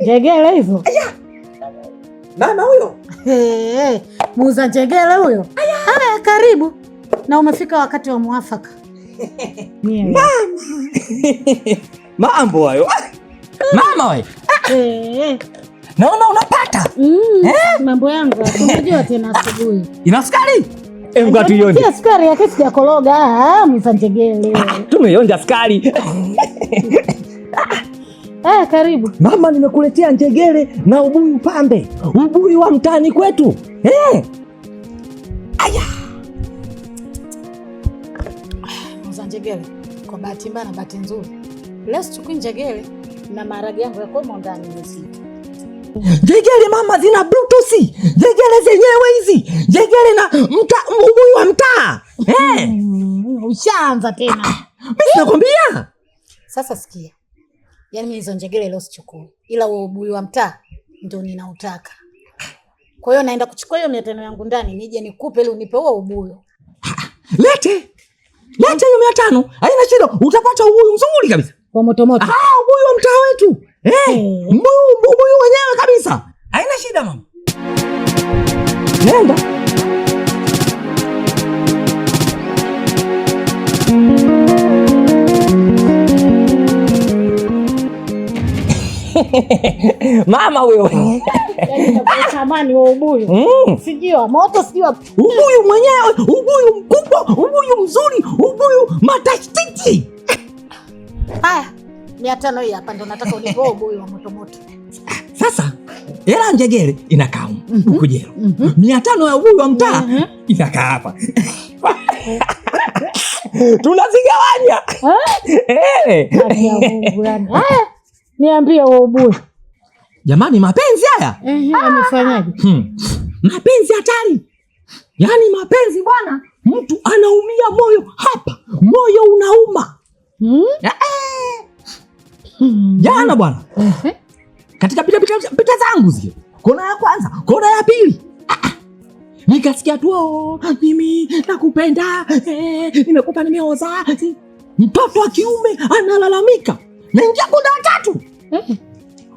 njegele hivyo mama huyo muuza njegele huyo. Haya, karibu na umefika wakati wa mwafaka mama. Mambo hayo mama we, naona unapata mm, eh? mambo yangu, unajua tena asubuhi ina sukari eh, sukari yake sijakologa, ah, muuza njegele ah, tumeonja sukari Aya, karibu mama, nimekuletea njegere na ubuyu pambe, ubuyu wa mtaani kwetu eh. Aya, uza njegere kwa bahati mbaya na bahati nzuri, leo sichukui njegere na maharage yangu yakomo ndani misitu Njegere mama, zina bluetooth njegere zenyewe hizi, njegere na mta, ubuyu wa mtaa eh. Mm, ushaanza tena, mimi nakwambia sasa, sikia Yaani mimi hizo njegele leo sichukui, ila huo ubuyu wa mtaa ndio ninautaka. Kwa hiyo naenda kuchukua hiyo mia tano yangu ndani, nije nikupe ili unipe huo ubuyu. Lete lete hiyo mia tano, haina shida, utapata ubuyu mzuri kabisa Kwa moto moto. Ah, ubuyu wa mtaa wetu Eh, hey. Eh. Ubuyu wenyewe kabisa, haina shida mama, nenda mama wewe yaani mm. wa ubuyu moto ubuyu mwenyewe, ubuyu mkubwa, ubuyu mzuri, ubuyu matastiki. Haya, mia tano hii hapa ndo nataka ulivoa ubuyu wa motomoto. Sasa hela njegere inakaa mm huku jero, mm mia tano ya ubuyu wa mtaa mm -hmm. inakaa hapa tunazigawanya eh? eh. Niambie uobue. Jamani, mapenzi haya ah, amefanyaje? hmm. mapenzi hatari, yaani mapenzi bwana, mtu anaumia moyo hapa, moyo unauma hmm? Ae. Eh, eh. hmm. Jana bwana Katika pita pita, pita zangu zile, kona ya kwanza, kona ya pili ah, ah. nikasikia tu oh, mimi nakupenda, eh, nimekupa nimeoza. Mtoto wa kiume analalamika, naingia ingia kuna tatu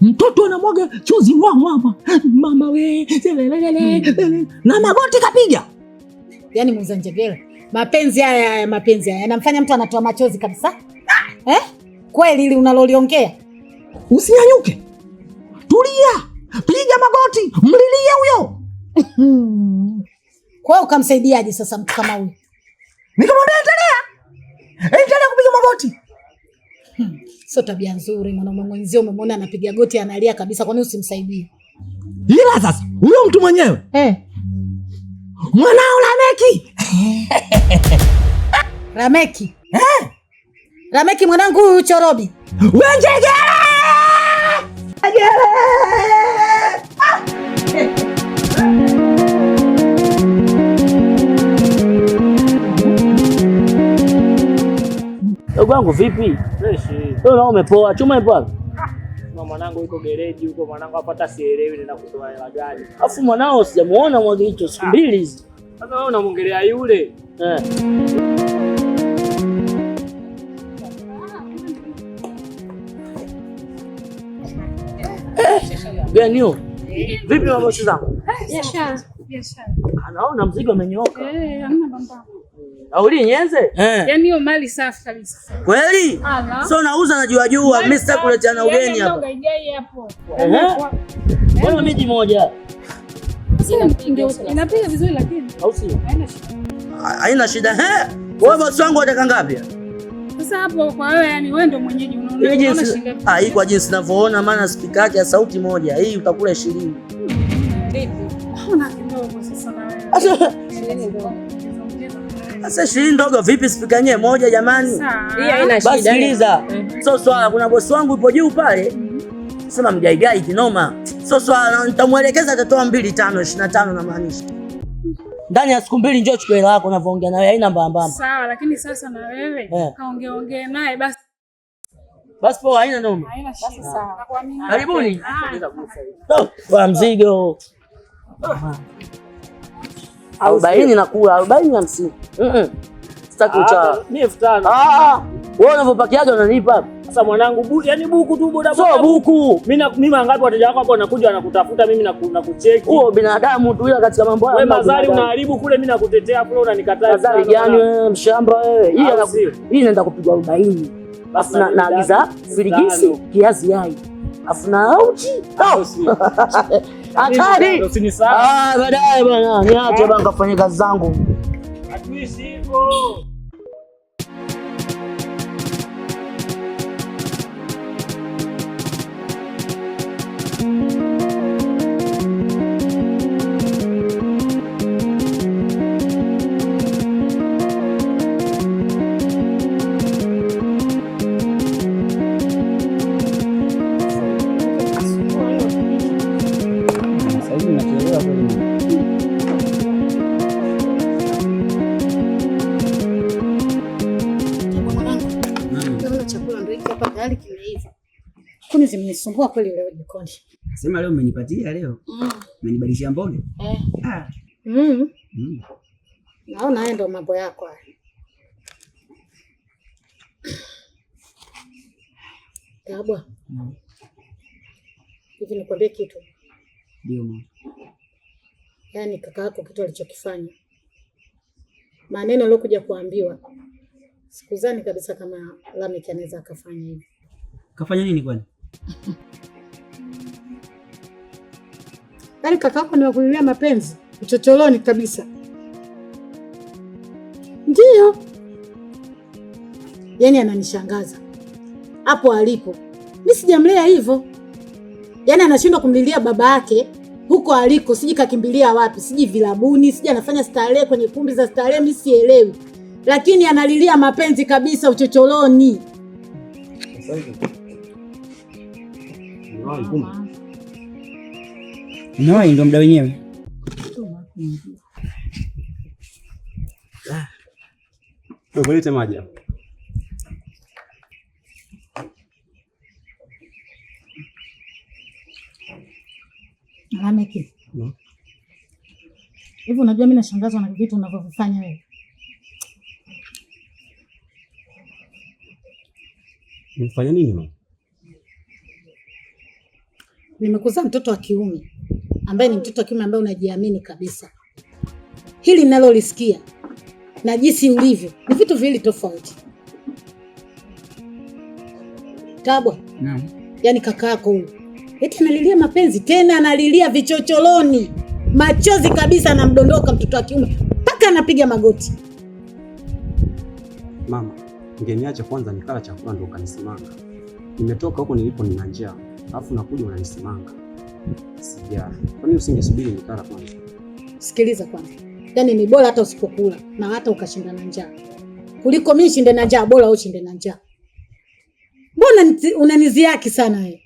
Mtoto anamwaga chozi mwamwama, mama we hmm. na magoti kapiga, yani muuza njegele. Mapenzi haya haya, mapenzi haya yanamfanya mtu anatoa machozi kabisa eh? Kweli hili unaloliongea, usinyanyuke, tulia, piga magoti, mlilie huyo. Kwa ukamsaidiaje sasa mtu kama huyo? Nikamwambia endelea, endelea kupiga magoti Hmm, sio tabia nzuri. Mwanaume mwenzio umemwona anapiga goti analia kabisa, kwani usimsaidie? Ila sasa huyo mtu mwenyewe eh, mwanao Rameki Rameki eh? Rameki mwanangu huyu chorobi wenjegele Ndugu wangu vipi? Fresh. Wewe nao umepoa? Chuma ipo wapi? Mama mwanangu yuko gereji huko mwanangu hapata sielewi nenda kutoa hela gani. Alafu mwanao sijamuona mwanzo hicho siku mbili hizi. Sasa wewe unamwongelea yule. Eh. Gani eh, huyo? Vipi mambo zangu? Biashara. Biashara. Anaona mzigo amenyooka. Eh, hamna bamba. Auli nyeze? Eh. Yaani hiyo mali safi kabisa. Kweli? So nauza na jua jua, mimi sitaki kuleta na yaani ugeni hapa. Eh? Yaani Mbona miji moja? Inapiga vizuri lakini. Au sio? Haina shida. Eh. Wewe bosi wangu unataka ngapi? Sasa hapo kwa wewe yani wewe ndio mwenyeji unaona shilingi. Ah, hii kwa jinsi ninavyoona maana spika yake ya sauti moja. Hii utakula 20. Hmm. Vipi? Hauna kidogo sasa na wewe. Sasa shilingi ndogo vipi, sipikanie moja jamani? Basi sikiliza, so swala, kuna bosi wangu yupo juu pale, sema mjaigai kinoma, so swala, nitamwelekeza atatoa mbili tano ishirini na tano na maanisha ndani ya siku mbili njoo chukua hela yako, unavyoongea naye haina mbambamba. Sawa, lakini sasa na wewe yeah, kaongea ongea naye basi. Basi poa, haina noma. Haina shida. Sawa. Karibuni. Ah. Oh, kwa mzigo arobaini nakula arobaini hamsini sitaki ah, uchawi ah, ah. wewe unavyopakiaga unanipa sasa mwanangu bu, yani buku tu boda boda. So buku. Mimi mimi mangapi wateja wako hapo wanakuja wanakutafuta mimi na kucheki. Huo binadamu tu ila katika mambo haya. Wewe mazari unaharibu kule mimi nakutetea kule unanikataa. Mazari gani wewe mshamba wewe? Hii anaku hii inaenda kupigwa 40. Basi na naagiza firigisi kiazi yai. Afu na auchi. hatari. Ah, baadaye bwana niache bwana, kafanye kazi zangu. hivyo. umenisumbua kweli leo jikoni. Sema leo umenipatia mm. leo. Umenibadilishia mboga. Eh. Ah. Mm. Mm. Naona haya ndo mambo yako haya. Kabwa. Mm. Hivi nikwambie kitu. Ndio mama. Yaani kaka yako kitu alichokifanya. Maneno aliyokuja kuambiwa. Sikuzani kabisa kama Lameki anaweza akafanya hivi. Kafanya nini kwani? Yaani kakako niwakulilia mapenzi uchocholoni kabisa. Ndiyo, yaani ananishangaza hapo alipo. Mi sijamlea hivyo, yaani anashindwa kumlilia baba yake huko aliko, siji kakimbilia wapi, siji vilabuni, siji anafanya starehe kwenye kumbi za starehe, mi sielewi, lakini analilia mapenzi kabisa uchochoroni. Unawai ndio mda wenyewe. Lete maji Alameki, hivi unajua, mimi nashangazwa na vitu unavyovifanya wewe. Unafanya nini? mama? nimekuzaa mtoto wa kiume ambaye ni mtoto wa kiume ambaye unajiamini kabisa. Hili ninalolisikia na jinsi ulivyo ni vitu viwili tofauti. Tabwa, naam. Yaani kaka yako huyu eti analilia mapenzi tena analilia vichocholoni, machozi kabisa, anamdondoka mtoto wa kiume mpaka anapiga magoti. Mama, ngeniacha kwanza nikala chakula ndo ukanisimanga. Nimetoka huko nilipo, nina njaa alafu nakuja unanisimanga. Sija. Kwa nini usingesubiri nikala kwanza? Sikiliza kwanza, yaani ni bora hata usipokula na hata ukashinda na njaa kuliko mimi shinde na njaa, bora ushinde na njaa. Mbona unaniziaki sana wewe?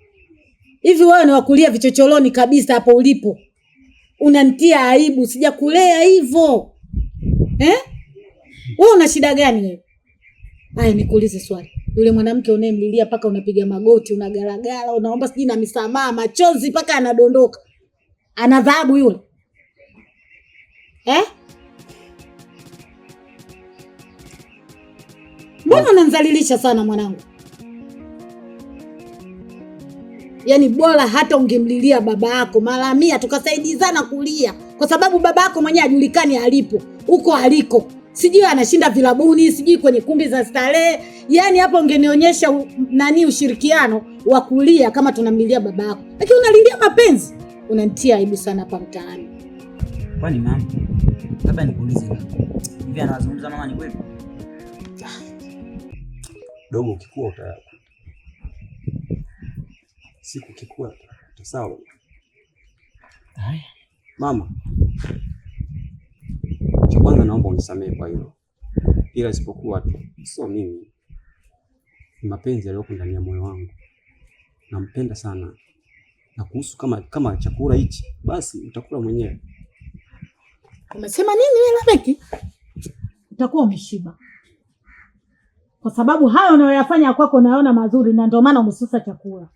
Hivi wewe ni wakulia vichocholoni kabisa hapo ulipo, unanitia aibu. Sijakulea hivyo eh? Wewe una shida gani wewe? aya nikuulize swali, yule mwanamke unayemlilia mpaka unapiga magoti, unagaragara, unaomba sijui na misamaha, machozi mpaka anadondoka, ana dhahabu yule eh? Mbona unamdhalilisha sana mwanangu? Yaani bora hata ungemlilia baba yako mara mia, tukasaidizana kulia, kwa sababu baba yako mwenyewe hajulikani alipo, huko aliko sijui anashinda vilabuni, sijui kwenye kumbi za starehe. Yani hapo ungenionyesha nani ushirikiano wa kulia kama tunamlilia baba yako, lakini unalilia mapenzi. Unanitia aibu sana hapa mtaani. Kwani mama, labda nikuulize hivi, anazungumza mama ni kweli? Dogo, ukikua uta siku kikua utasawa. Haya mama naomba unisamehe kwa hilo, ila isipokuwa tu sio mimi, ni mapenzi yaliyoko ndani ya moyo wangu, nampenda sana. Na kuhusu kama kama chakula hichi, basi utakula mwenyewe. Umesema nini wewe rafiki? Utakuwa umeshiba kwa sababu hayo unayoyafanya kwako unaona mazuri, na ndio maana umesusa chakula.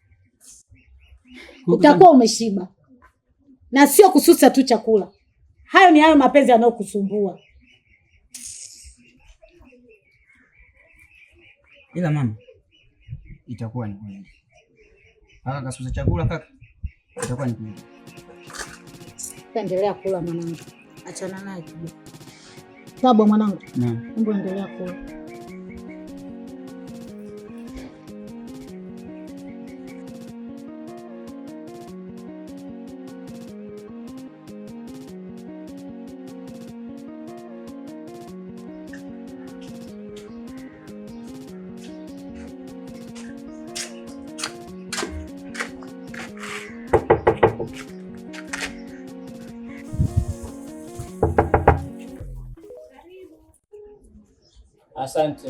Utakuwa umeshiba, na sio kususa tu chakula. Hayo ni hayo mapenzi yanayokusumbua. Ila mama, itakuwa ni kweli. Kaka kasusa chakula kaka, itakuwa ni kweli. Endelea kula mwanangu, achana naye. Baba mwanangu, mbo endelea kula Asante.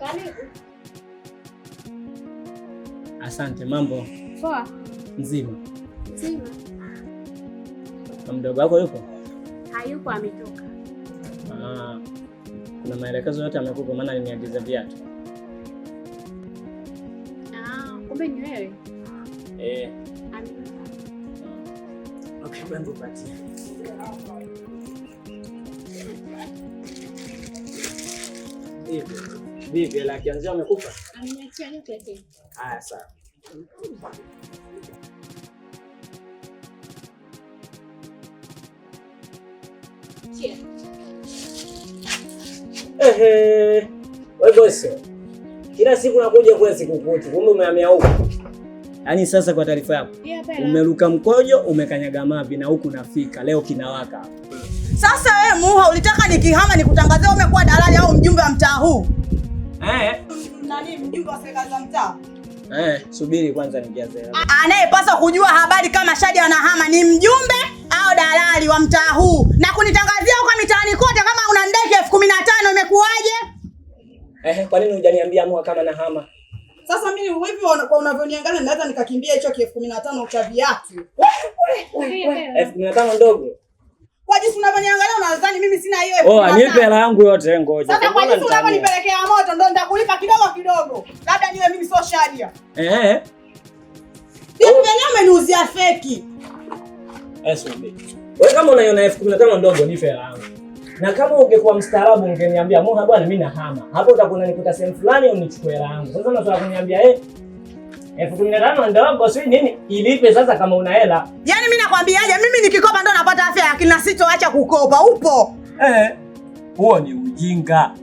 Karibu. Asante. Mambo poa? Nzima nzima. Mdogo wako yupo? Hayupo, ametoka. Ah, kuna maelekezo yote amekupa? Maana aliniagiza viatu. Ah, kumbe ni wewe eh. Okay, bwana, upatie Vipi, hela amekupa? Ameniachia leo pekee. Haya sawa. Ehe. Wewe boss. Kila siku nakuja kula siku kutu, kumbe umehamia huko. Yaani sasa kwa taarifa yako, umeruka mkojo, umekanyaga mavi na huku nafika leo kinawaka hapa. Sasa wewe Muha, ulitaka nikihama nikutangazia umekuwa dalali au mjumbe wa mtaa huu eh? Nani mjumbe wa serikali za mtaa? Eh, subiri kwanza nijaze. Anayepaswa kujua habari kama Shadi anahama ni mjumbe au dalali wa mtaa huu na kunitangazia uko mitaani kote kama una ndeki elfu kumi na tano imekuwaje? Eh, kwa nini hujaniambia Muha kama nahama? Sasa mimi hivi kwa unavyoniangalia naweza nikakimbia hicho elfu kumi na tano cha viatu. Elfu kumi na tano ndogo kwa jinsi unavyoniangalia unadhani mimi sina hiyo. Oh, nipe hela yangu yote ngoja. Sasa kwa jinsi unavyonipelekea moto ndo nitakulipa kidogo kidogo. Labda niwe mimi sio shadia. Eh eh. Ni oh. mwenyewe umeniuzia feki. Yes, eh, wewe kama unaiona elfu kumi na tano ndogo nipe hela yangu. Na kama ungekuwa mstaarabu ungeniambia, "Moha bwana, mimi nahama." Hapo utakuwa unanikuta sehemu fulani unichukue hela yangu. Sasa unataka kuniambia eh elfu kumi na tano ndogo, si nini? Ilipe sasa kama una hela. Yaani mimi nakwambiaje, mimi nikikopa ndo napata afya ya akili na sitoacha kukopa. Upo eh, huo ni ujinga.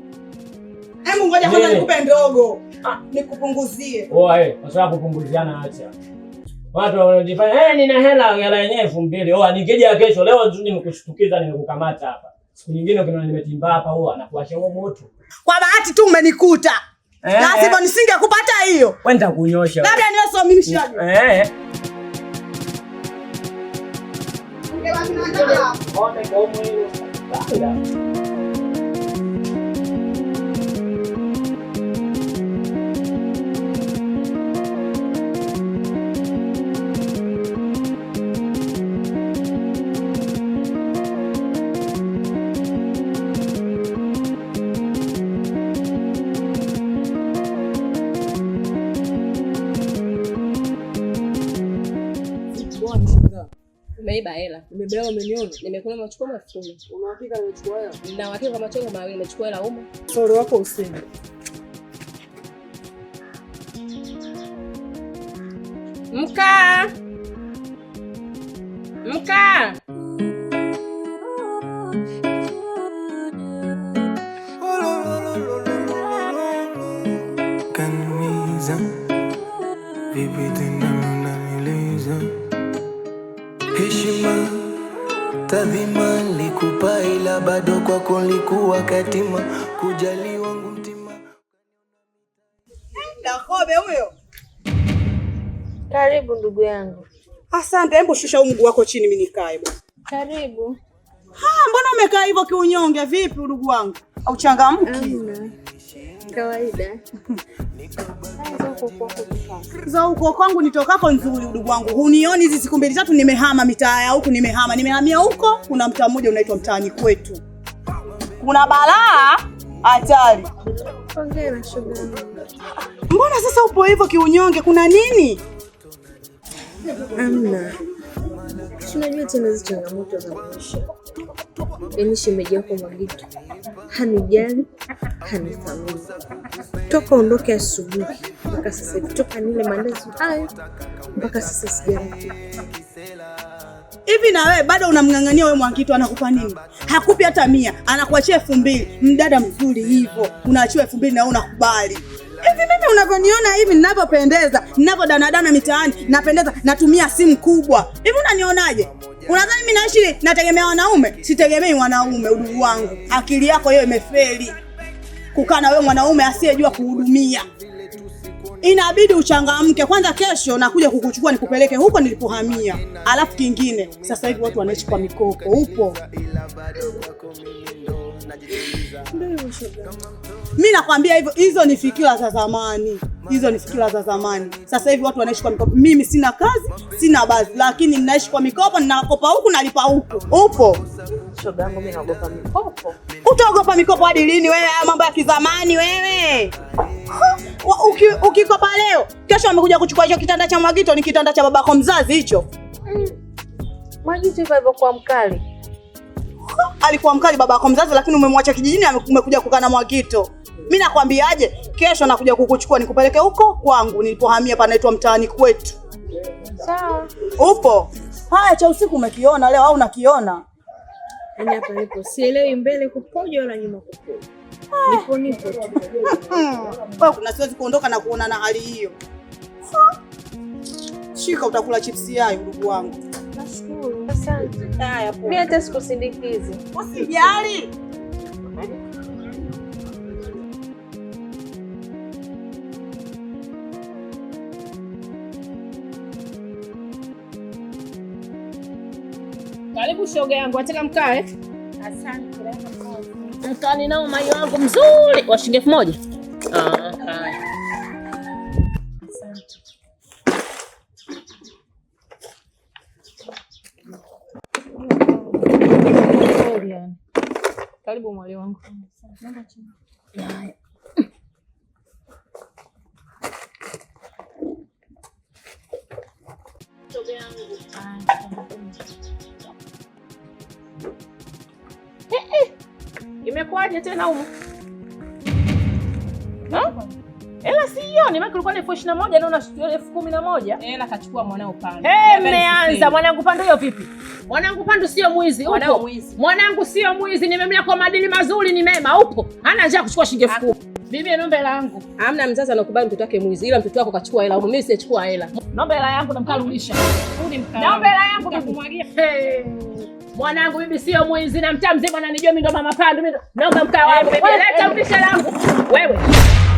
Hebu ngoja kwanza nikupe ndogo ah, nikupunguzie eh, kwa sababu kupunguziana, acha watu wanajifanya hey, eh, nina hela hela yenyewe elfu mbili oh, nikija kesho leo tu nimekushtukiza, nimekukamata hapa, siku nyingine ukiona nimetimba hapa, huwa anakuacha huo moto. Kwa bahati tu umenikuta Eh. Lazima eh. nisinge kupata hiyo. Wenda kunyosha. Labda niwe so mimi shaji. Eh. eh. Ngewa kinataka. Onde kwa mwili. nimeiba hela, nimebeba milioni, nimekula machukua elfu kumi. Unahakika nimechukua hela? Nina uhakika kwa machongo mawili nimechukua hela umo. Sore wako usini. Mka. Mka. tadhima ila bado kwako katima, kujali wangu mtima. Dakobe huyo, karibu ndugu yangu. Asante, hebu shusha huu mguu wako chini, mimi nikae. Karibu. Ha, mbona umekaa hivyo kiunyonge? Vipi ndugu wangu, au changamki? kawaida za uko kwangu nitokako nzuri, udugu wangu, hunioni hizi siku mbili tatu, nimehama mitaa ya huku, nimehama nimehamia huko. Kuna mtaa mmoja unaitwa mtaani kwetu, kuna balaa hatari. Mbona sasa upo hivyo kiunyonge? Kuna nini? Amna, tunajua tena changamoto za maisha Yaani shemeji yako Mwagitu hanijali hanithamini toka ondoke asubuhi mpaka sasa hivi, toka nile mandazi hayo mpaka sasa sijamtu hivi. Na wewe bado unamng'ang'ania wewe, Mwagitu anakupa nini? Hakupi hata mia, anakuachia elfu mbili. Mdada mzuri hivyo unaachiwa elfu mbili na wewe unakubali hivi? Mimi unavyoniona hivi, ninavyopendeza ninavyodanadana mitaani, napendeza, natumia simu kubwa hivi, unanionaje? Unadhani mimi naishi nategemea wanaume? Sitegemei wanaume, udugu wangu. Akili yako hiyo imefeli kukaa na wewe mwanaume asiyejua kuhudumia. Inabidi uchangamke kwanza. Kesho nakuja kukuchukua nikupeleke huko nilipohamia. Alafu kingine, sasa hivi watu wanaishi kwa mikopo. Upo mi nakwambia hivyo, hizo ni fikira za zamani, hizo ni fikira za zamani. Sasa hivi watu wanaishi kwa mikopo. Mimi sina kazi, sina bazi, lakini ninaishi kwa mikopo, ninakopa huku nalipa huku. Upo shoga yangu, naogopa mikopo. Utaogopa mikopo hadi lini wewe? Haya mambo ya kizamani wewe. Uki, ukikopa leo, kesho amekuja kuchukua hicho kitanda cha Mwagito, ni kitanda cha babako mzazi hicho. Mm. Mwagito hivyo kwa mkali alikuwa mkali baba yako mzazi, lakini umemwacha kijijini, umekuja kukaa na Mwakito. Mimi nakwambiaje, kesho nakuja kukuchukua nikupeleke huko kwangu nilipohamia, panaitwa mtaani kwetu. Sawa. Upo? Haya cha usiku umekiona leo au unakiona? Yaani hapa nipo. Sielewi mbele kupoja wala nyuma kupoja. Ah. Nipo nipo. Kwa kuna siwezi kuondoka na kuona na hali hiyo. Shika utakula chipsi yayo ndugu wangu. Asante. Haya, mimi hata sikusindikizi. Usijali. Karibu shoga yangu, ataka mkae. Asante. Mkani nao mayo wangu mzuri wa shilingi elfu moja. Ah. Karibu mwalimu wangu. Eh, eh. Imekuwaje tena huko? Ela sioni maana kulikuwa na elfu ishirini na moja naona elfu kumi na moja. Ela kachukua mwanao pande. Mmeanza mwanangu pande hiyo vipi? Mwanangu Pandu sio mwizi, upo. Mwanangu sio mwizi, nimemlea kwa madili mazuri, ni mema, upo. Hana njia kuchukua shilingi elfu kumi. Bibi, nombe hela yangu. Hamna mzazi anakubali mtoto wake mwizi, ila mtoto wako kachukua hela, mimi sijachukua hela. Nombe hela yangu namkarudisha. Nombe hela yangu nakumwagia. Mwanangu mimi sio mwizi na mtaa mzima ananijua mimi ndo mama Pandu, mimi ndo naomba mkaa wangu Wewe eh, eh, leta rudisha eh. langu. Wewe.